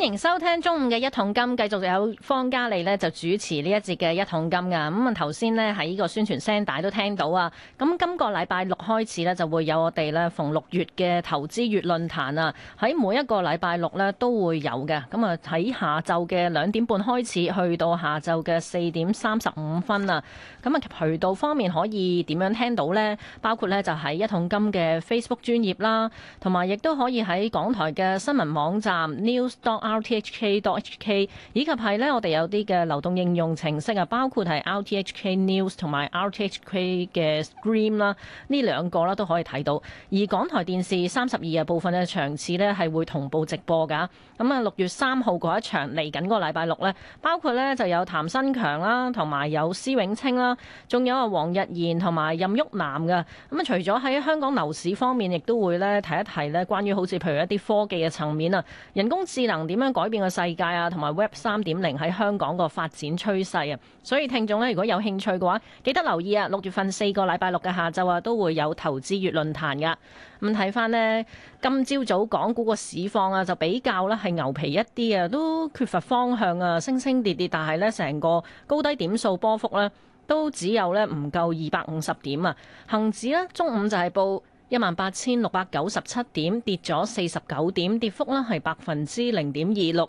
歡迎收聽中午嘅一桶金，繼續有方嘉莉呢，就主持呢一節嘅一桶金噶。咁啊，頭先呢，喺呢個宣傳聲帶都聽到啊。咁今個禮拜六開始呢，就會有我哋呢逢六月嘅投資月論壇啊，喺每一個禮拜六呢，都會有嘅。咁啊，喺下晝嘅兩點半開始，去到下晝嘅四點三十五分啊。咁啊，渠道方面可以點樣聽到呢？包括呢，就係，一桶金嘅 Facebook 專頁啦，同埋亦都可以喺港台嘅新聞網站 news RTHK.HK 以及係呢，我哋有啲嘅流動應用程式啊，包括係 RTHK News 同埋 RTHK 嘅 Stream 啦，呢兩個啦都可以睇到。而港台電視三十二日部分咧場次呢係會同步直播㗎。咁、嗯、啊，六月三號嗰一場嚟緊嗰個禮拜六呢，包括呢就有譚新強啦，同埋有施永青啦，仲有啊黃日彥同埋任旭南嘅。咁、嗯、啊，除咗喺香港樓市方面，亦都會呢，提一提呢關於好似譬如一啲科技嘅層面啊，人工智能點咁樣改變個世界啊，同埋 Web 三點零喺香港個發展趨勢啊，所以聽眾呢，如果有興趣嘅話，記得留意啊！六月份四個禮拜六嘅下晝啊，都會有投資月論壇㗎。咁睇返呢，今朝早港股個市況啊，就比較咧係牛皮一啲啊，都缺乏方向啊，升升跌跌，但係呢，成個高低點數波幅呢，都只有呢唔夠二百五十點啊。恆指呢，中午就係報，一萬八千六百九十七點，跌咗四十九點，跌幅呢係百分之零點二六。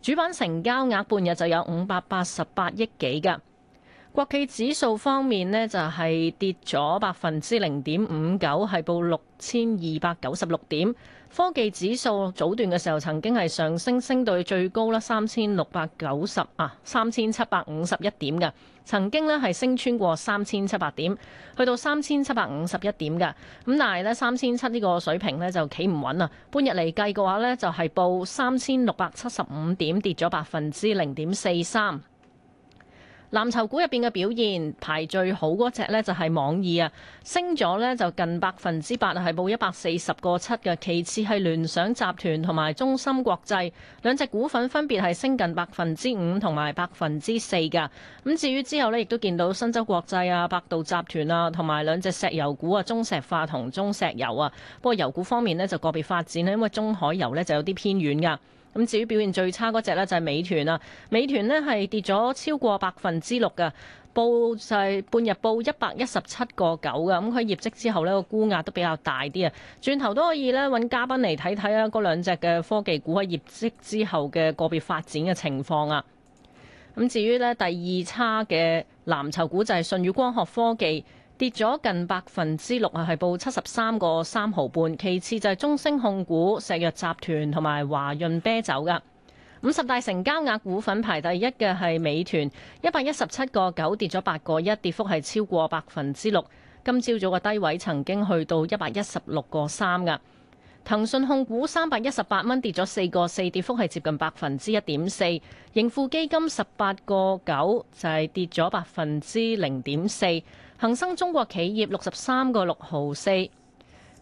主板成交額半日就有五百八十八億幾㗎。國企指數方面呢就係跌咗百分之零點五九，係報六千二百九十六點。科技指數早段嘅時候曾經係上升，升到最高啦，三千六百九十啊，三千七百五十一點㗎，曾經呢係升穿過三千七百點，去到三千七百五十一點㗎。咁但係呢，三千七呢個水平呢就企唔穩啊。半日嚟計嘅話呢，就係報三千六百七十五點，跌咗百分之零點四三。藍籌股入邊嘅表現排最好嗰隻呢，就係、是、網易啊，升咗呢，就近百分之八啊，係報一百四十個七嘅。其次係聯想集團同埋中芯國際兩隻股份分別係升近百分之五同埋百分之四嘅。咁至於之後呢，亦都見到申洲國際啊、百度集團啊同埋兩隻石油股啊，中石化同中石油啊。不過油股方面呢，就個別發展呢，因為中海油呢就有啲偏遠㗎。咁至於表現最差嗰隻呢，就係美團啊，美團呢係跌咗超過百分之六嘅，報就係半日報一百一十七個九嘅，咁佢業績之後呢，個沽壓都比較大啲啊。轉頭都可以呢，揾嘉賓嚟睇睇啊，嗰兩隻嘅科技股喺業績之後嘅個別發展嘅情況啊。咁至於呢，第二差嘅藍籌股就係舜宇光學科技。跌咗近百分之六啊，係報七十三個三毫半。其次就係中升控股、石藥集團同埋華潤啤酒噶。五十大成交額股份排第一嘅係美團，一百一十七個九，跌咗八個一，跌幅係超過百分之六。今朝早嘅低位曾經去到一百一十六個三噶。騰訊控股三百一十八蚊，跌咗四個四，跌幅係接近百分之一點四。盈富基金十八個九就係跌咗百分之零點四。恒生中國企業六十三個六毫四，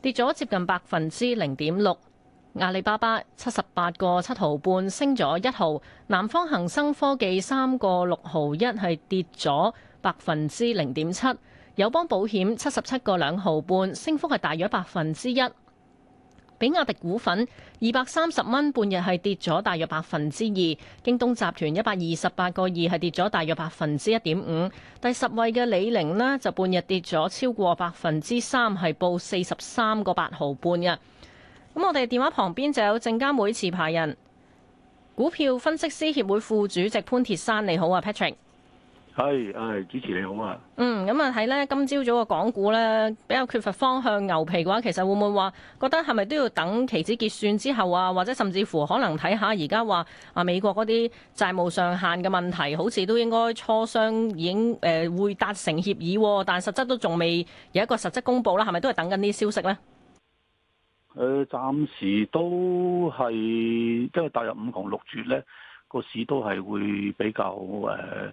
跌咗接近百分之零點六。阿里巴巴七十八個七毫半，升咗一毫。南方恒生科技三個六毫一，係跌咗百分之零點七。友邦保險七十七個兩毫半，升幅係大約百分之一。比亞迪股份二百三十蚊，半日係跌咗大約百分之二；京東集團一百二十八個二係跌咗大約百分之一點五。第十位嘅李寧呢，就半日跌咗超過百分之三，係報四十三個八毫半嘅。咁我哋電話旁邊就有證監會持牌人、股票分析師協會副主席潘鐵珊，你好啊，Patrick。係，係，主持你好啊。嗯，咁啊睇咧，今朝早嘅港股咧，比較缺乏方向，牛皮嘅話，其實會唔會話覺得係咪都要等期指結算之後啊？或者甚至乎可能睇下而家話啊美國嗰啲債務上限嘅問題，好似都應該磋商已經誒、呃、會達成協議、啊，但實質都仲未有一個實質公佈啦、啊。係咪都係等緊啲消息咧？誒、呃，暫時都係即係踏入五窮六絕咧，個市都係會比較誒。呃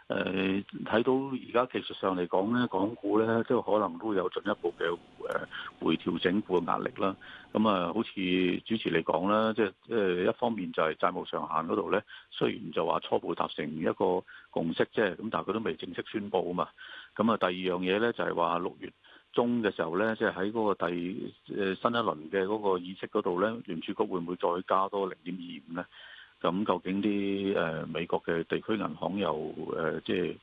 誒睇到而家技術上嚟講咧，港股咧，即係可能都有進一步嘅誒回調整股嘅壓力啦。咁啊，好似主持嚟講啦，即係誒一方面就係債務上限嗰度咧，雖然就話初步達成一個共識，即係咁，但係佢都未正式宣布啊嘛。咁啊，第二樣嘢咧就係話六月中嘅時候咧，即係喺嗰個第誒新一輪嘅嗰個議息嗰度咧，聯儲局會唔會再加多零點二五咧？咁究竟啲誒美國嘅地區銀行又誒即係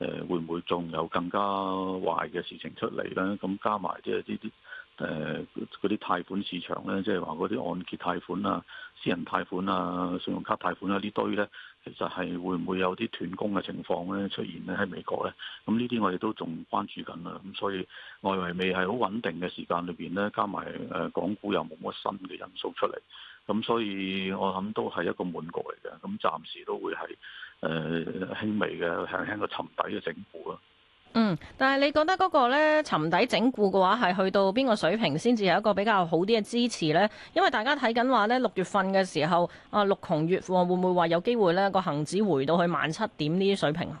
誒會唔會仲有更加壞嘅事情出嚟咧？咁加埋即係呢啲誒啲貸款市場咧，即係話嗰啲按揭貸款啊、私人貸款啊、信用卡貸款啊呢堆咧，其實係會唔會有啲斷供嘅情況咧出現咧喺美國咧？咁呢啲我哋都仲關注緊啦。咁所以外圍未係好穩定嘅時間裏邊咧，加埋誒港股又冇乜新嘅因素出嚟。咁所以，我諗都係一個悶局，嚟嘅，咁暫時都會係誒輕微嘅、輕輕嘅沉底嘅整固咯。嗯，但係你覺得嗰個咧沉底整固嘅話，係去到邊個水平先至係一個比較好啲嘅支持咧？因為大家睇緊話咧六月份，嘅時候啊，六窮月黃、哦、會唔會話有機會咧個恒指回到去萬七點呢啲水平啊？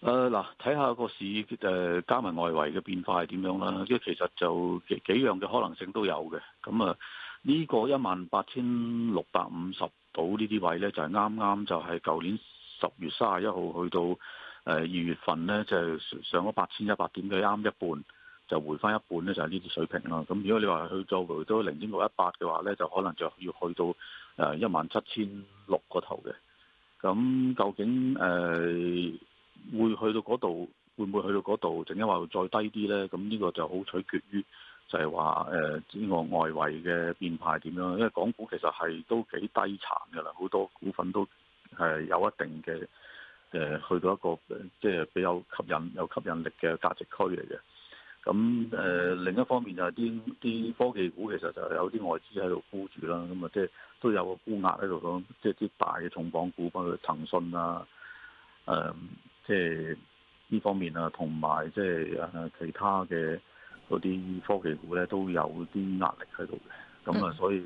誒嗱、呃，睇下個市誒、呃、加埋外圍嘅變化係點樣啦。即係其實就幾幾樣嘅可能性都有嘅，咁、嗯、啊。呃呢個一萬八千六百五十到呢啲位呢，就係啱啱就係舊年十月三十一號去到誒二月份呢，就係上咗八千一百點嘅啱一半，就回翻一半呢，就係呢啲水平咯。咁如果你話去做回到零點六一八嘅話呢，就可能就要去到誒一萬七千六個頭嘅。咁究竟誒、呃、會去到嗰度，會唔會去到嗰度？正因為再低啲呢，咁呢個就好取決於。就係話誒，呢個外圍嘅變態點樣？因為港股其實係都幾低殘嘅啦，好多股份都係有一定嘅誒，去到一個即係比較吸引、有吸引力嘅價值區嚟嘅。咁誒、呃、另一方面就係啲啲科技股其實就係有啲外資喺度沽住啦，咁啊即係都有個沽壓喺度，咁即係啲大嘅重磅股，包括騰訊啊，誒即係呢方面啊，同埋即係啊其他嘅。嗰啲科技股咧都有啲壓力喺度嘅，咁、嗯、啊，嗯、所以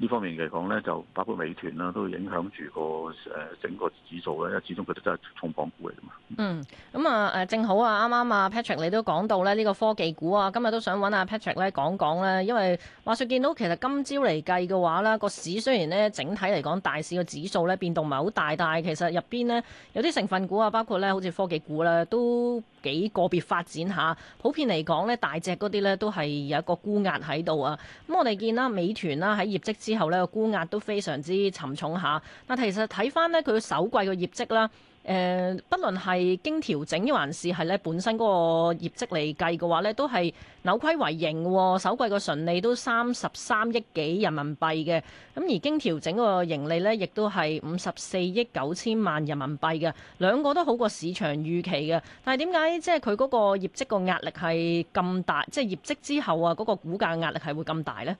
呢方面嚟講咧，就包括美團啦，都影響住個誒整個指數咧，因為始終佢都真係重磅股嚟㗎嘛。嗯，咁啊誒，正好啊，啱啱啊 Patrick 你都講到咧，呢個科技股啊，今日都想揾阿 Patrick 咧講講咧，因為話説見到其實今朝嚟計嘅話咧，個市雖然咧整體嚟講大市個指數咧變動唔係好大，但係其實入邊咧有啲成分股啊，包括咧好似科技股咧都。幾個別發展下，普遍嚟講咧，大隻嗰啲咧都係有一個沽壓喺度啊。咁我哋見啦，美團啦喺業績之後咧，沽壓都非常之沉重下。但其實睇翻呢，佢首季嘅業績啦。誒，不論係經調整還是係咧本身嗰個業績嚟計嘅話咧，都係扭虧為盈喎。首季個純利都三十三億幾人民幣嘅，咁而經調整個盈利咧，亦都係五十四億九千萬人民幣嘅，兩個都好過市場預期嘅。但係點解即係佢嗰個業績個壓力係咁大？即係業績之後啊，嗰個股價壓力係會咁大咧？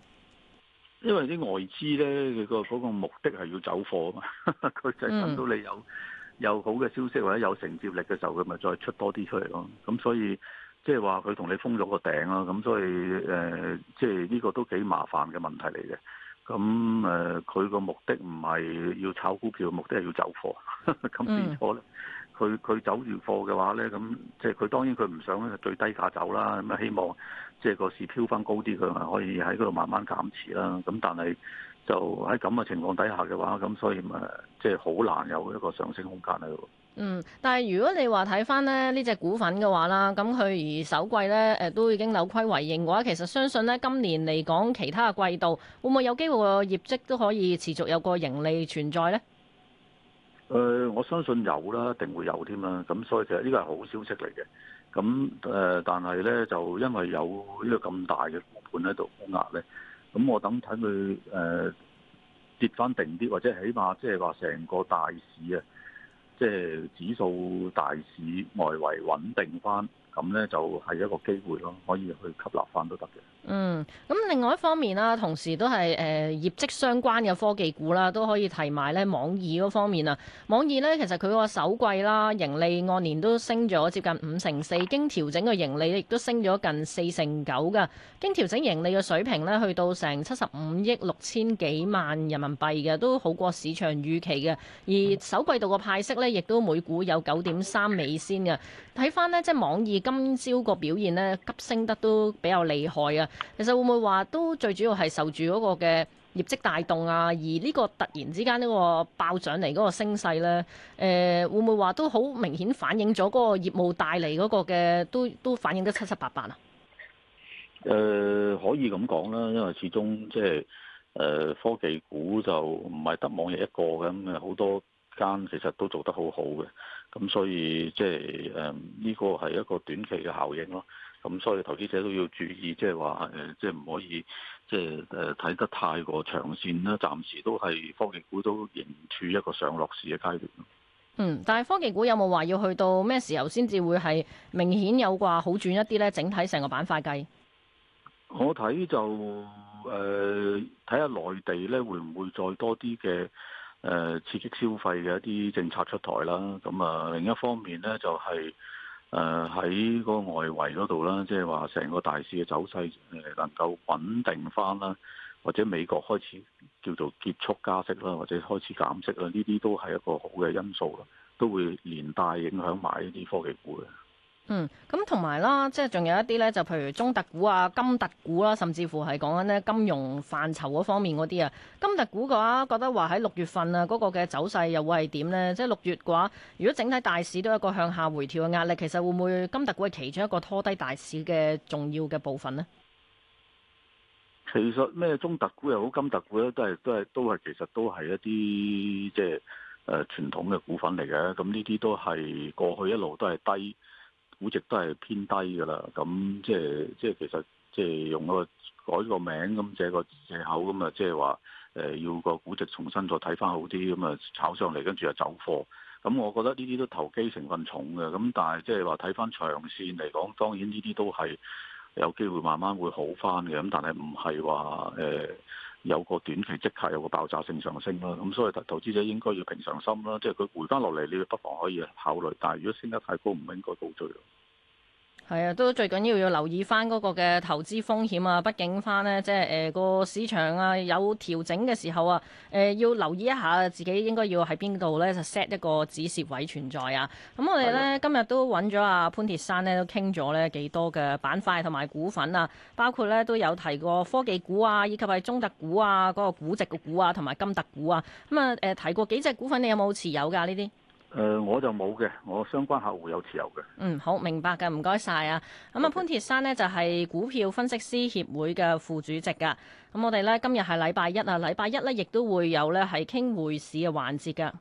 因為啲外資咧，佢個目的係要走貨啊嘛，佢 就等到你有，嗯有好嘅消息或者有承接力嘅時候，佢咪再出多啲出嚟咯。咁所以即係話佢同你封咗個頂咯。咁所以誒，即係呢個都幾麻煩嘅問題嚟嘅。咁誒，佢、呃、個目的唔係要炒股票，目的係要走貨。咁變咗咧，佢佢、嗯、走完貨嘅話咧，咁即係佢當然佢唔想咧最低價走啦。咁希望即係、就是、個市飄翻高啲，佢咪可以喺嗰度慢慢減持啦。咁但係，就喺咁嘅情況底下嘅話，咁所以咪即係好難有一個上升空間咯。嗯，但係如果你話睇翻咧呢隻股份嘅話啦，咁佢而首季咧誒都已經扭虧為盈嘅話，其實相信咧今年嚟講，其他嘅季度會唔會有機會個業績都可以持續有個盈利存在咧？誒、呃，我相信有啦，一定會有添啦。咁所以其實呢個係好消息嚟嘅。咁誒、呃，但係咧就因為有呢個咁大嘅股盤喺度壓咧。押押咁我等睇佢誒跌翻定啲，或者起碼即係話成個大市啊，即係指數大市外圍穩定翻。咁呢就係一個機會咯，可以去吸納翻都得嘅。嗯，咁另外一方面啦，同時都係誒、呃、業績相關嘅科技股啦，都可以提埋呢網易嗰方面啊。網易呢，其實佢個首季啦，盈利按年都升咗接近五成四，經調整嘅盈利亦都升咗近四成九㗎。經調整盈利嘅水平呢，去到成七十五億六千幾萬人民幣嘅，都好過市場預期嘅。而首季度個派息呢，亦都每股有九點三美仙嘅。睇翻呢即係網易。今朝個表現呢急升得都比較厲害啊！其實會唔會話都最主要係受住嗰個嘅業績帶動啊？而呢個突然之間呢個爆漲嚟嗰個升勢呢，誒、呃、會唔會話都好明顯反映咗嗰個業務帶嚟嗰個嘅都都反映得七七八八啊？誒、呃、可以咁講啦，因為始終即係誒科技股就唔係得網易一個嘅咁誒好多間其實都做得好好嘅，咁所以即係誒呢個係一個短期嘅效應咯。咁所以投資者都要注意，即係話誒，即係唔可以即係誒睇得太過長線啦。暫時都係科技股都仍處一個上落市嘅階段。嗯，但係科技股有冇話要去到咩時候先至會係明顯有啩好轉一啲呢？整體成個板塊計，我睇就誒睇下內地呢會唔會再多啲嘅。刺激消費嘅一啲政策出台啦，咁啊另一方面呢，就係誒喺個外圍嗰度啦，即係話成個大市嘅走勢誒能夠穩定返啦，或者美國開始叫做結束加息啦，或者開始減息啦，呢啲都係一個好嘅因素啦，都會連帶影響埋一啲科技股嘅。嗯，咁同埋啦，即係仲有一啲咧，就譬如中特股啊、金特股啦，甚至乎係講緊咧金融範疇嗰方面嗰啲啊。金特股嘅話，覺得話喺六月份啊，嗰個嘅走勢又會係點咧？即係六月嘅話，如果整體大市都係一個向下回調嘅壓力，其實會唔會金特股係其中一個拖低大市嘅重要嘅部分呢？其實咩中特股又好金特股咧，都係都係都係，其實都係一啲即係誒傳統嘅股份嚟嘅。咁呢啲都係過去一路都係低。估值都係偏低嘅啦，咁即係即係其實即係用嗰個改個名咁借個借口咁啊，即係話誒要個估值重新再睇翻好啲，咁啊炒上嚟跟住就走貨，咁我覺得呢啲都投機成分重嘅，咁但係即係話睇翻長線嚟講，當然呢啲都係有機會慢慢會好翻嘅，咁但係唔係話誒，呃有個短期即刻有個爆炸性上升啦，咁所以投投資者應該要平常心啦，即係佢回返落嚟，你不妨可以考慮，但係如果升得太高，唔應該倒追。係啊，都最緊要要留意翻嗰個嘅投資風險啊！畢竟翻呢，即係誒個市場啊有調整嘅時候啊，誒、呃、要留意一下自己應該要喺邊度呢？就 set 一個止蝕位存在啊。咁我哋呢，的今日都揾咗阿潘鐵珊呢，都傾咗呢幾多嘅板塊同埋股份啊，包括呢都有提過科技股啊，以及係中特股啊，嗰、那個估值嘅股啊，同埋金特股啊。咁啊誒提過幾隻股份，你有冇持有㗎呢啲？誒，我就冇嘅，我相關客戶有持有嘅。嗯，好明白嘅，唔該晒啊。咁啊，潘鐵珊呢，就係股票分析師協會嘅副主席噶。咁我哋呢，今日係禮拜一啊，禮拜一呢，亦都會有呢係傾匯市嘅環節噶。